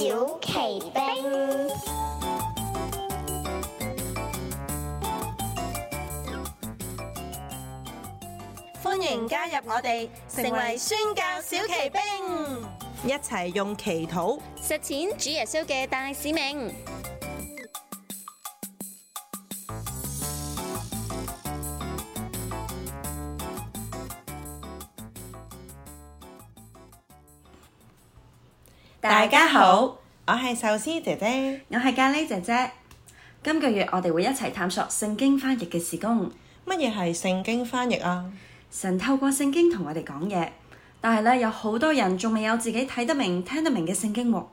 小奇兵，歡迎加入我哋，成為宣教小奇兵，一齊用祈禱實踐主耶穌嘅大使命。大家好。我係壽司姐姐，我係咖喱姐姐。今個月我哋會一齊探索聖經翻譯嘅事工。乜嘢係聖經翻譯啊？神透過聖經同我哋講嘢，但係呢有好多人仲未有自己睇得明、聽得明嘅聖經。咁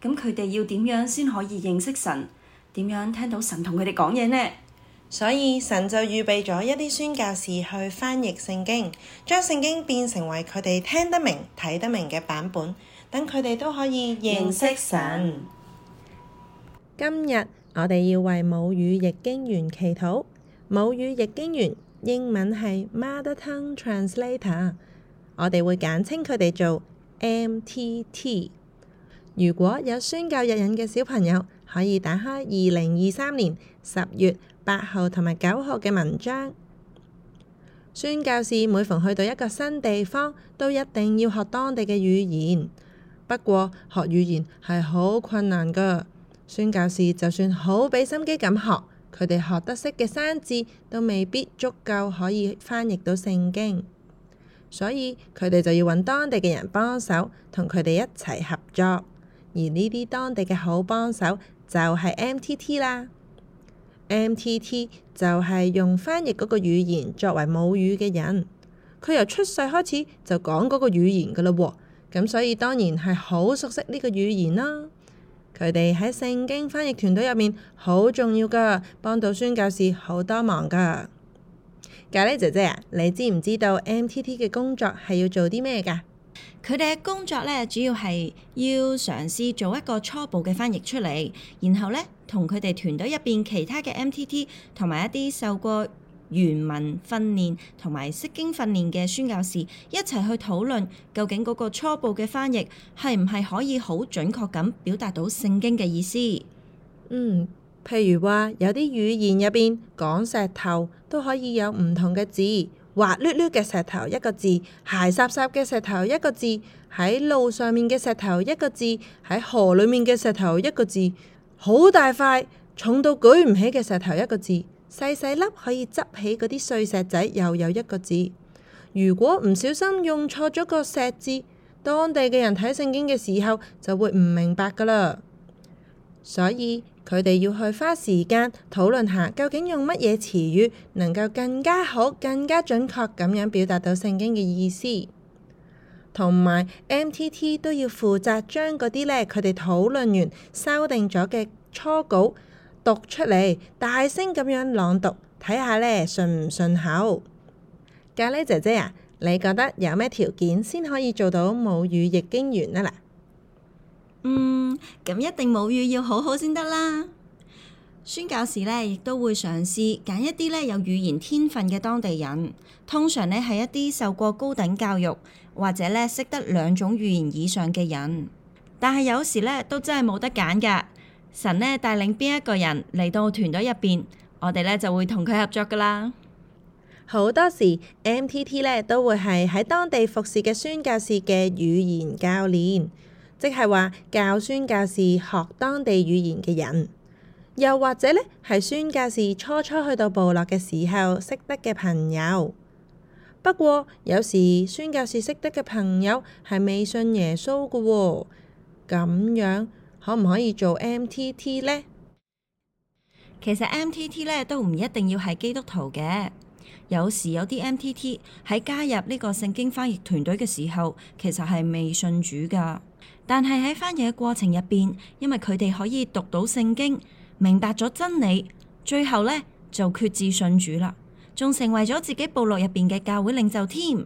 佢哋要點樣先可以認識神？點樣聽到神同佢哋講嘢呢？所以神就預備咗一啲宣教士去翻譯聖經，將聖經變成為佢哋聽得明、睇得明嘅版本。等佢哋都可以認識神。今日我哋要為母語譯經員祈禱。母語譯經員英文係 Mother Tongue Translator，我哋會簡稱佢哋做 MTT。如果有宣教日引嘅小朋友，可以打開二零二三年十月八號同埋九號嘅文章。宣教士每逢去到一個新地方，都一定要學當地嘅語言。不過學語言係好困難噶，宣教士就算好畀心機咁學，佢哋學得識嘅生字都未必足夠可以翻譯到聖經，所以佢哋就要搵當地嘅人幫手，同佢哋一齊合作。而呢啲當地嘅好幫手就係 MTT 啦，MTT 就係用翻譯嗰個語言作為母語嘅人，佢由出世開始就講嗰個語言噶啦喎。咁所以當然係好熟悉呢個語言啦，佢哋喺聖經翻譯團隊入面好重要㗎，幫到宣教士好多忙㗎。咖喱姐姐啊，你知唔知道 MTT 嘅工作係要做啲咩㗎？佢哋嘅工作咧，主要係要嘗試做一個初步嘅翻譯出嚟，然後咧同佢哋團隊入邊其他嘅 MTT 同埋一啲受過原文訓練同埋釋經訓練嘅宣教士一齊去討論，究竟嗰個初步嘅翻譯係唔係可以好準確咁表達到聖經嘅意思？嗯，譬如話有啲語言入邊講石頭都可以有唔同嘅字，滑溜溜嘅石頭一個字，鞋濕濕嘅石頭一個字，喺路上面嘅石頭一個字，喺河裏面嘅石頭一個字，好大塊重到舉唔起嘅石頭一個字。細細粒可以執起嗰啲碎石仔，又有一個字。如果唔小心用錯咗個石字，當地嘅人睇聖經嘅時候就會唔明白㗎喇。所以佢哋要去花時間討論下，究竟用乜嘢詞語能夠更加好、更加準確咁樣表達到聖經嘅意思，同埋 MTT 都要負責將嗰啲咧佢哋討論完修訂咗嘅初稿，讀出嚟，大聲咁樣朗讀，睇下咧順唔順口。咖喱姐姐啊，你覺得有咩條件先可以做到母語譯經員啊？嗱，嗯，咁一定母語要好好先得啦。宣教士咧亦都會嘗試揀一啲咧有語言天分嘅當地人，通常咧係一啲受過高等教育或者咧識得兩種語言以上嘅人，但係有時咧都真係冇得揀㗎。神咧，帶領邊一個人嚟到團隊入邊，我哋咧就會同佢合作噶啦。好多時 MTT 咧都會係喺當地服侍嘅宣教士嘅語言教練，即係話教宣教士學當地語言嘅人，又或者咧係宣教士初初去到部落嘅時候識得嘅朋友。不過有時宣教士識得嘅朋友係未信耶穌嘅，咁樣。可唔可以做 MTT 呢？其實 MTT 咧都唔一定要係基督徒嘅，有時有啲 MTT 喺加入呢個聖經翻譯團隊嘅時候，其實係未信主噶。但係喺翻譯嘅過程入邊，因為佢哋可以讀到聖經，明白咗真理，最後咧就決志信主啦，仲成為咗自己部落入邊嘅教會領袖添。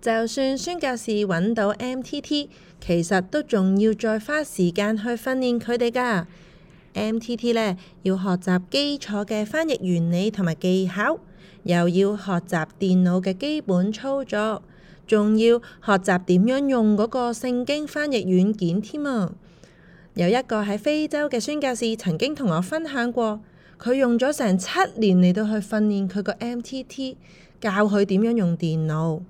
就算宣教士揾到 MTT，其實都仲要再花時間去訓練佢哋㗎。MTT 咧要學習基礎嘅翻譯原理同埋技巧，又要學習電腦嘅基本操作，仲要學習點樣用嗰個聖經翻譯軟件添啊！有一個喺非洲嘅宣教士曾經同我分享過，佢用咗成七年嚟到去訓練佢個 MTT，教佢點樣用電腦。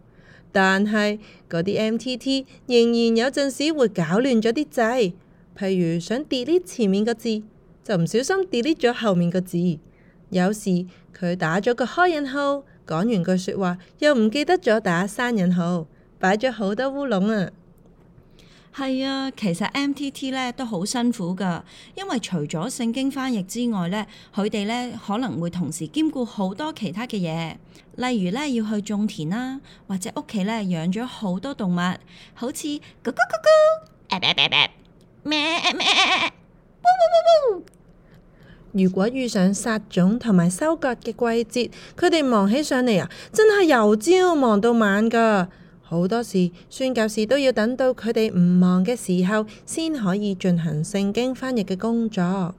但係嗰啲 M T T 仍然有陣時會搞亂咗啲掣，譬如想 delete 前面個字，就唔小心 delete 咗後面個字。有時佢打咗個開引號，講完句說話又唔記得咗打閂引號，擺咗好多烏龍啊！係啊，其實 MTT 咧都好辛苦噶，因為除咗聖經翻譯之外咧，佢哋咧可能會同時兼顧好多其他嘅嘢，例如咧要去種田啦，或者屋企咧養咗好多動物，好似咕咕咕咕，咩咩咩咩，如果遇上撒種同埋收割嘅季節，佢哋忙起上嚟啊，真係由朝忙到晚噶。好多時宣教士都要等到佢哋唔忙嘅時候，先可以進行聖經翻譯嘅工作。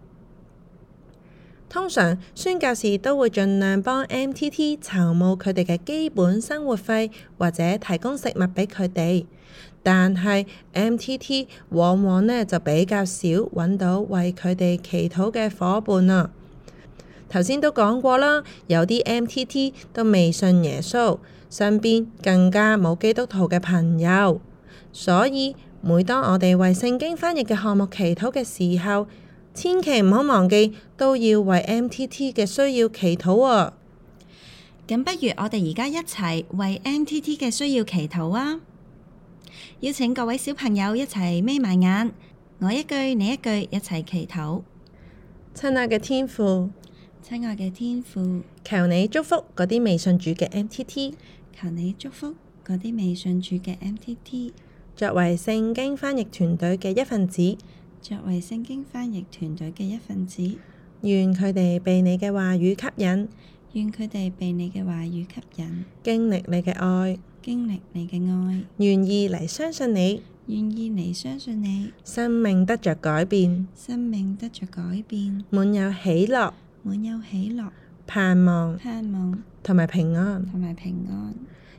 通常宣教士都會盡量幫 MTT 籌募佢哋嘅基本生活費，或者提供食物俾佢哋。但係 MTT 往往呢就比較少揾到為佢哋祈禱嘅夥伴啊。頭先都講過啦，有啲 MTT 都未信耶穌。身邊更加冇基督徒嘅朋友，所以每當我哋為聖經翻譯嘅項目祈禱嘅時候，千祈唔好忘記都要為 MTT 嘅需要祈禱喎！咁不如我哋而家一齊為 MTT 嘅需要祈禱啊！邀請各位小朋友一齊眯埋眼，我一句你一句一齊祈禱，親愛嘅天父。聽我嘅天父，求你祝福嗰啲未信主嘅 MTT，求你祝福嗰啲未信主嘅 MTT。作為聖經翻譯團隊嘅一份子，作為聖經翻譯團隊嘅一份子，願佢哋被你嘅話語吸引，願佢哋被你嘅話語吸引，經歷你嘅愛，經歷你嘅愛，願意嚟相信你，願意嚟相信你，生命得着改變，嗯，生命得着改變，滿有喜樂。滿有喜樂，盼望，盼望，同埋平安，同埋平安。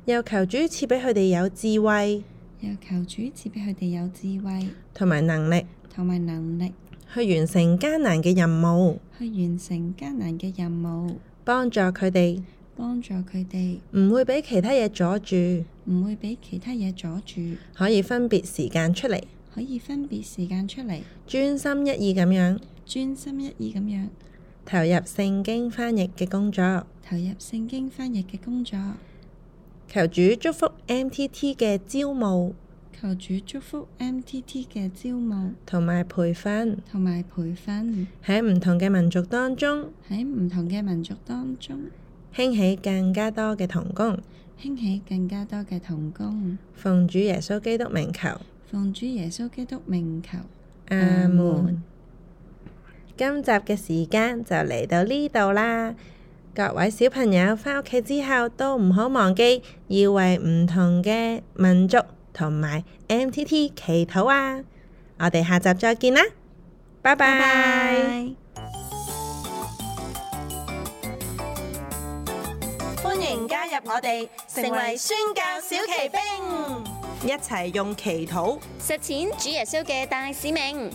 又求主賜畀佢哋有智慧，又求主賜畀佢哋有智慧，同埋能力，同埋能力去完成艱難嘅任務，去完成艱難嘅任務，幫助佢哋，幫助佢哋唔會畀其他嘢阻住，唔會畀其他嘢阻住，可以分別時間出嚟，可以分別時間出嚟，專心一意咁樣，專心一意咁樣。投入聖經翻譯嘅工作，投入聖經翻譯嘅工作。求主祝福 MTT 嘅招募，求主祝福 MTT 嘅招募，訓訓同埋培訓，同埋培訓。喺唔同嘅民族當中，喺唔同嘅民族當中，興起更加多嘅童工，興起更加多嘅童工。奉主耶穌基督名求，奉主耶穌基督名求。阿門。阿門。今集嘅時間就嚟到呢度啦，各位小朋友返屋企之後都唔好忘記要為唔同嘅民族同埋 MTT 祈禱啊！我哋下集再見啦，拜拜！歡迎加入我哋，成為宣教小奇兵，一齊用祈禱實踐主耶穌嘅大使命。